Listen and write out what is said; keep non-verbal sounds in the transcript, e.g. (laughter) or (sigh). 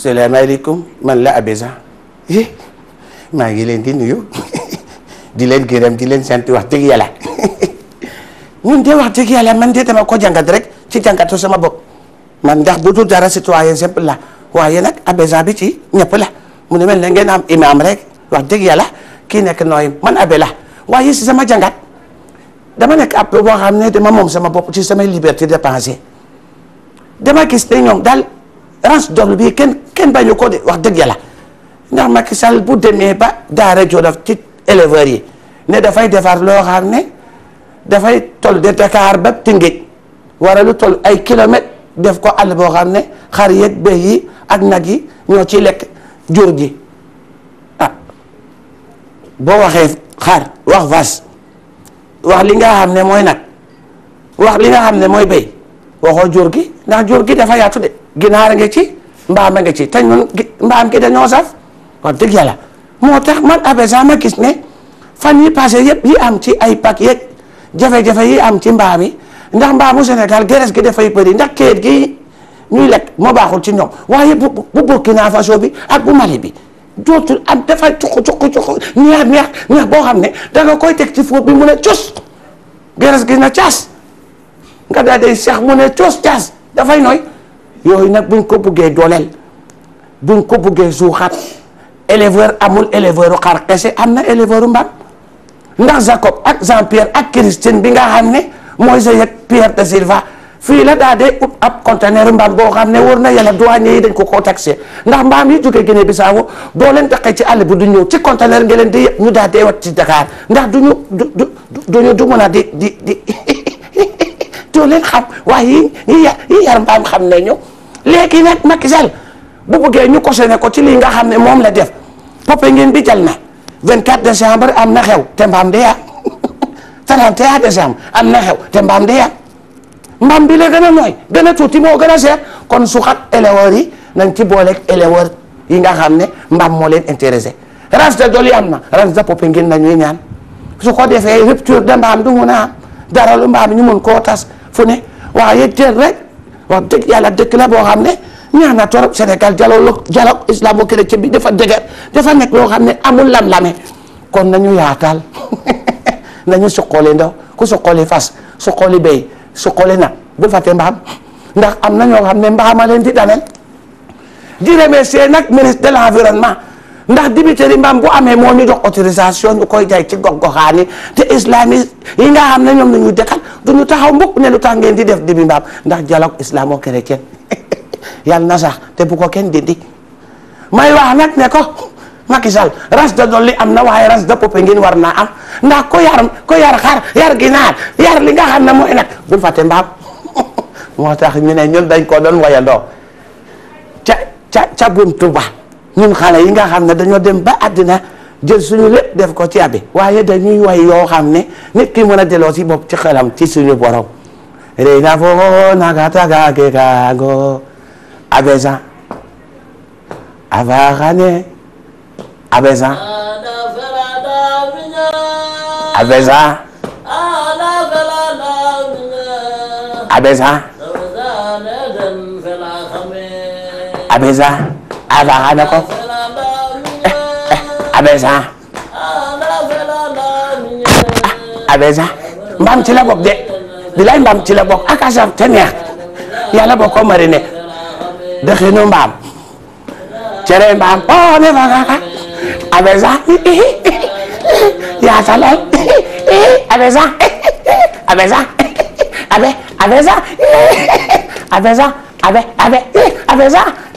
salaamaaleykum man la Abbé Jean maa ngi leen di nuyu (laughs) di leen gërëm di leen sant wax dëgg yàlla (laughs) ñun de wax dëgg yàlla man de dama ko jàngat rek ci jàngatu sama bopp man ndax bu dul dara citoyen simple la waaye nag Abbé Jean bi ci ñëpp la mu ne mel na ngeen am imam rek wax dëgg yàlla kii nekk nooy man abbé la waaye si sama jàngat dama nekk ab boo xam ne dama moom sama bopp ci samay liberté de pensée dama gis ne ñoom daal. range doble bi kenn ken bañu ko de wax dëgg yàlla ndax Macky Sall bu demee ba daara Jolof ci éleveurs yi ne dafay defar loo xam ne dafay tol de Dakar ba Tëngéej wara lu tol ay kilomètres def ko àll boo xam ne xar yeeg béy yi ak nag yi ñoo ci lekk jur gi ah boo waxee xar wax vache wax li nga xam ne mooy nag wax li nga xam ne mooy béy waxoo jur gi ndax jur gi dafa yaatu de ginaar nga ci mbaam nga ci te ñun mbaam gi dañoo saf wax dëgg yàlla moo tax man abesa ma gis ne fan yi passé yëpp yi am ci ay pak yeeg yi am ci mbaam yi ndax mbaamu Sénégal gerees gi dafay bëri ndax kéet gi ñuy lekk moo baaxul ci ñoom waaye bu bu Burkina Faso bi ak bu Mali bi dootul am dafay cuq cuq cuq ñeex ñeex ñeex boo xam ne danga koy teg ci fóot bi mu ne cos gerees gi na caas nga daal day seex mu ne cos caas dafay nooy yooyu nag buñ ko buggee dooleel buñ ko buggee suuxaat éleveur amul éleveur xar kese am na éleveur mbaam ndax Jacob ak Jean Pierre ak Christine bi nga xam ne Moïse ak Pierre de Silva fii la daa dee ut ab conteneur mbaam boo xam ne war na yàlla douanier yi dañ ko koo taxé ndax mbaam yi jógee Guinée Bissau doo leen daqee ci àll bi du ñëw ci conteneur nga leen di ñu daa wat ci Dakar ndax du ñu du du mën a di di di (laughs) doo leen xam waaye yi yi yar mbaam xam ne ñu léegi nag ki Sall bu bëggee ñu ko cautionné ko ci li nga xam ne moom la def Popenguine bi jël na 24 décembre am na xew te mbaam de yaa 31 décembre am na xew te mbaam de yaa mbaam bi la gën a nooy gën a tuuti moo gën a seer kon suxat éleveurs yi nañ ci booleeg éleveurs yi nga xam ne mbaam moo leen intéressé race de doli am na race de Popenguine na ñuy ñaan su ko defee rupture de mbaam du mun a dara lu mbaam ñu mun koo tas fu ne waaye jël rek. wax dëgg yàlla dëkk la boo xam ne ñaan na torop Sénégal dialogue dialogue islamo-chrétien bi dafa dëgër dafa nekk loo xam ne amul lam-lame kon nañu yaatal (laughs) nañu suqali ndaw ku suqali fas suqali béy suqali nag bul fàtte mbaam ndax am na ñoo xam ne mbaama leen di danel di remercier nag ministre de l'environnement ndax dibiteri mbaam bu amee moo ñu jox autorisation ñu koy jaay ci gox-goxaan yi te islamiste yi nga xam ne ñoom la ñuy dekkal du ñu taxaw mbokk ne lu tax ngeen di def dibi mbaam ndax dialogue islamo-chrétien (laughs) yàlla na sax te bu ko kenn dindi may wax nag ne ko Macky Sall ras de dolli am na waaye ras de Popenguine war na am ndax ko yar ko yar xar yar ginaar yar li nga xam na mooy nag bul fàtte mbaam (laughs) moo tax ñu ne ñun dañ ko doon wayandoo ca ca ca buntu ba ñun xale yi nga xam ne dañoo dem ba àddina jël suñu lépp def ko ci abi waaye dañuy way yoo xam ne nit ki mën a delloo si bopp ci xelam ci suñu borom rey na foo naga taga ke kaago abesan avaxane abesan abesan abesan abesan Avara na ko Abeza Abeza mbaam ci la bokk de bilaay mbaam ci la bokk ak asaf te neex yàlla boo ko marine dëxinu mbaam cere mbaam oo ne fa kaka Abeza yaasa lay Abeza Abeza abe Abeza Abeza abe abe Abeza